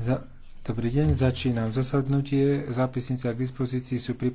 Za, dobrý deň, začínam zasadnutie. Zápisnice k dispozícii sú pripravené.